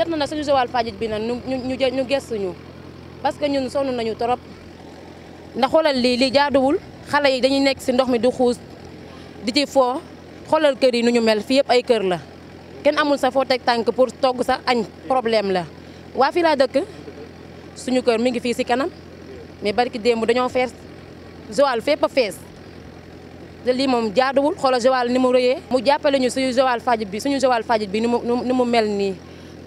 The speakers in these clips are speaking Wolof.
jot na nag suñu Joal Fadiouth bi nag ñu ñu ñu parce que ñun sonn nañu trop ndax xoolal lii lii jaaduwul xale yi dañuy nekk si ndox mi du xuus di ci foo xoolal kër yi nu ñu mel fii yëpp ay kër la kenn amul sa foo teg tànk pour togg sax añ problème la waa fii laa dëkk suñu kër mi ngi fii si kanam mais barki démb dañoo fees Joal fépp a fees te lii moom jaaduwul xoolal Joal ni mu rëyee mu jàppale ñu suñu Joal Fadiouth bi suñu Joal Fadiouth bi ni mu mu mel nii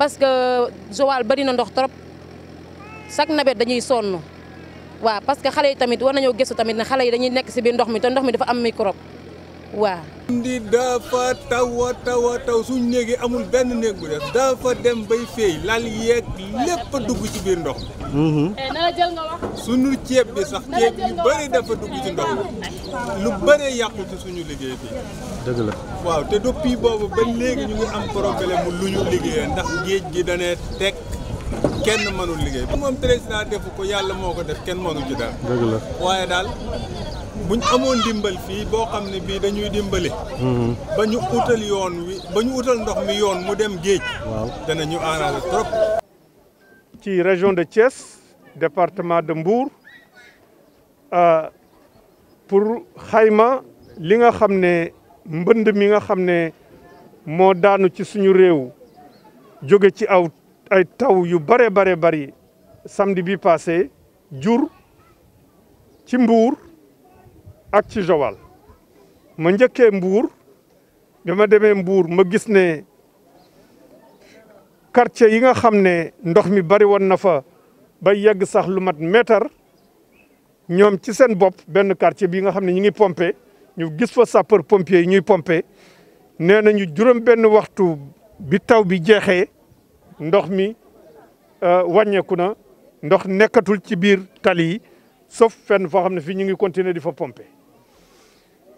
parce que Joal bari na ndox trop chaque nawet dañuy sonn waaw parce que xale yi tamit war nañoo gëstu tamit ne xale yi dañuy nekk si biir ndox mi te ndox mi dafa am microbe waa di dafa tawa tawa taw suñ léegi amul benn néeg bu def dafa dem bay feey lal yeeg lépp dugg ci biir ndox mm-hmm. eh, suñu ceeb bi sax ceeb yu bëri dafa dugg ci ndox lu bëree yàqu ci suñu liggéey bi dëgg la waaw te depuis boobu ba léegi ñu ngi am problème lu ñu liggéeyee ndax géej gi danee teg kenn mënul liggéey moom président defu ko yàlla moo ko def kenn mënu ci la waaye daal buñ amoon dimbal fii boo xam ne bii dañuy dimbali mhm. ba ñu utal yoon wi ba ñu utal ndox mi yoon mu dem géej waaw danañu arrangé trop ci région de Thiès département de Mbour euh, pour xayma li nga xam ne mbënd mi nga xam ne moo daanu ci suñu réew jóge ci aw ay taw yu bare bare bari samedi bi passé jur ci mbour ak ci jowal ma ñëkke mbour bima démé mbour ma gis ne quartier yi nga xamné ne ndox mi bari won na fa ba yegg sax lu mat mètre ñom ci sen bop ben quartier bi nga xamné ne ngi pompe ñu gis fa sapeur pompier ñuy pompe nenañu nañu ben waxtu bi taw bi jexé ndox mi euh, wàññeeku na ndox nekkatul ci biir tali yi fenn foo xam ne fii ñu ngi continuer di fa pomper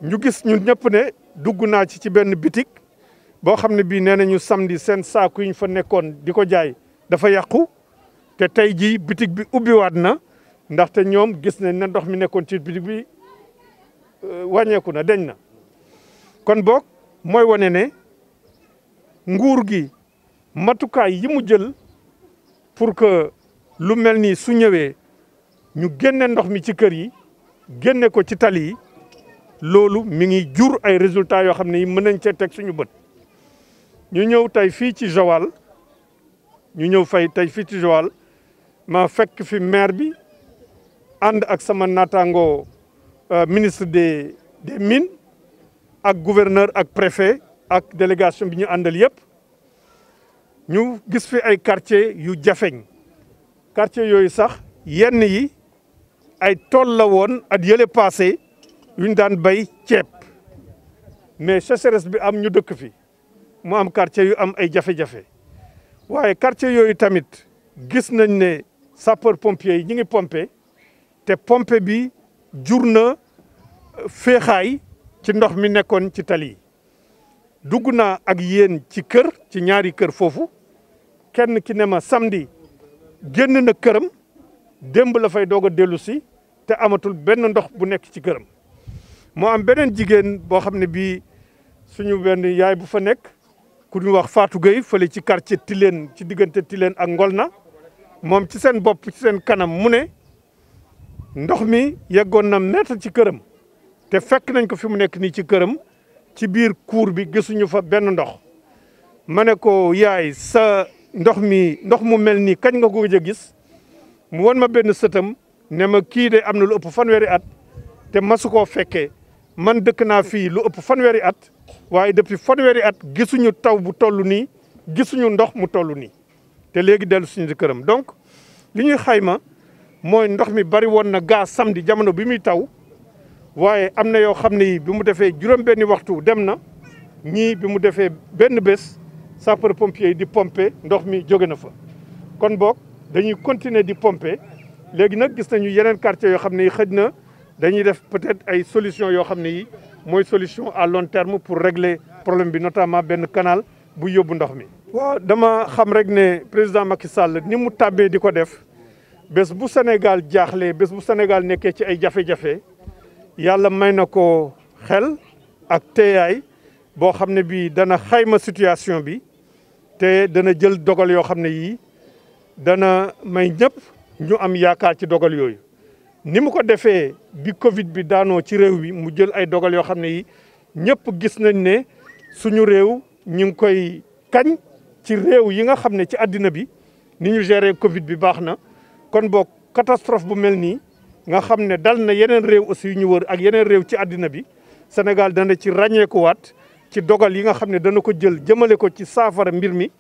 ñu gis ñun ñëpp ne dugg naa ci ci benn bitik boo xam ne bii nee nañu samedi seen saaku yi ñu fa nekkoon di ko jaay dafa yàqu te tey jii bitik bi ubbiwaat na ndaxte ñoom gis nañ ne ndox mi nekkoon ci bitik bi euh, wàññeeku na deñ na kon boog mooy wane ne nguur gi matukaay yi mu jël pour que lu mel ni su ñëwee ñu génne ndox mi ci kër yi génne ko ci tali loolu mi ngi jur ay résultats yoo xam ne yi mën nañ cee teg suñu bët ñu ñëw tey fii ci Joal ñu ñëw fay tey fii ci Joal ma fekk fi maire bi ànd ak sama naataangoo euh, ministre des des ak gouverneur ak préfet ak délégation bi ñu àndal yëpp ñu gis fi ay quartier yu jafeñ quartier yooyu sax yenn yi ay tool la woon at yële passé yu ñu daan bay ceeb mais sécheresse bi am ñu dëkk fi mu am quartier yu am ay jafe-jafe waaye quartier yooyu tamit gis nañ ne sapeur pompier yi ñu ngi pompe te pompe bi jur na euh, féexaay ci ndox mi nekkoon ci tali dugg naa ak yéen ci kër ci ñaari kër foofu kenn ki ne ma samedi génn na këram démb la fay doog a dellu si te amatul benn ndox bu nekk ci këram moo am beneen jigéen boo xam ne bii suñu benn yaay bu fa nekk ku ñu wax faatu Gueye fële ci quartier Tilène ci diggante Tilène ak ngol na moom ci seen bopp ci seen kanam mu ne ndox mi yeggoon na mètre ci këram te fekk nañ ko fi mu nekk nii ci këram ci biir cour bi gisuñu fa benn ndox ma ko yaay ndox mi ndox mu mel nii kañ nga ko gëj a gis mu won ma benn sëtam ne ma kii de am na lu ëpp fanweeri at te masu koo fekkee man dëkk naa fii lu ëpp fanweeri at waaye depuis fanweeri at gisuñu taw bu toll nii gisuñu ndox mu toll nii te léegi dellu suñu këram donc li ñuy xayma mooy ndox mi bari woon na gaa samdi jamono bi muy taw waaye am na yoo xam ne yi bi mu defee juróom benni waxtu dem na ñii bi mu defee benn bés pour pompier pomper mi kon continuer pomper gis nañu quartier dañuy def peut-être solution solution à long terme pour régler problème notamment le canal bu ndox mi. dama président Macky Sall ni def Sénégal jaxlé bu Sénégal est ci ay jafé jafé yalla xel situation te dana jël dogal yoo xam ne yii dana may ñëpp ñu am yaakaar ci dogal yooyu ni mu ko defee bi Covid bi daanoo ci réew mi mu jël ay dogal yoo xam ne yi ñëpp gis nañ ne suñu réew ñu ngi koy kañ ci réew yi nga xam ne ci àddina bi ni ñu gérer Covid bi baax na kon boo catastrophe bu mel nii nga xam ne dal na yeneen réew aussi ñu wër ak yeneen réew ci àddina bi Sénégal dana ci ràññeekuwaat ci dogal yi nga xamné ne dana ko jël jëmele ko ci saafara mbir mi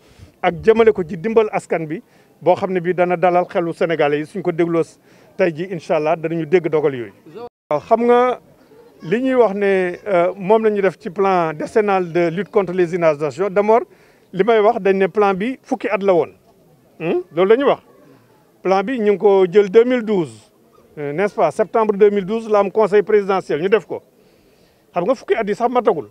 ak jëmele ko ci dimbal askan bi bo xamné bi bii dana dalal xelu Sénégalais yi suñ ko dégloo tay ji inshallah allah danañu dégg dogal yoy xam nga li ñuy wax né euh, mom la ñu def ci plan décennal de lutte contre les inondations d'abord limay wax dañ né plan bi fukki at la woon hmm? loolu la ñuy wax plan bi ñu ko jël 2012 euh, n'est-ce pas septembre 2012 l'am conseil présidentiel ñu def ko xam nga fukki at yi sax matagul.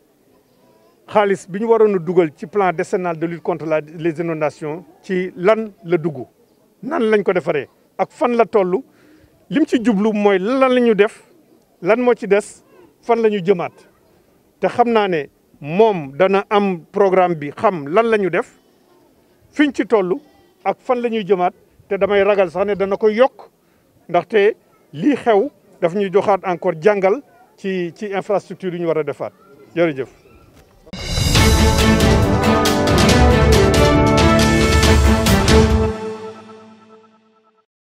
Khalis, bi ñu waroon a dugal ci plan décennal de lutte contre les inondations ci lan le dugg nan lañ ko defaree ak fan la tollu, lim ci moy lan lañu def lan mo ci dess fan lañu ñu Té xamna né Mom dana am programme bi xam lan lañu def fiñ ci tollu ak fan lañu ñuy té damay ragal sax né dana ko ndax té li xew daf ñuy encore jangal ci ci infrastructure yi ñu wara a jërëjëf.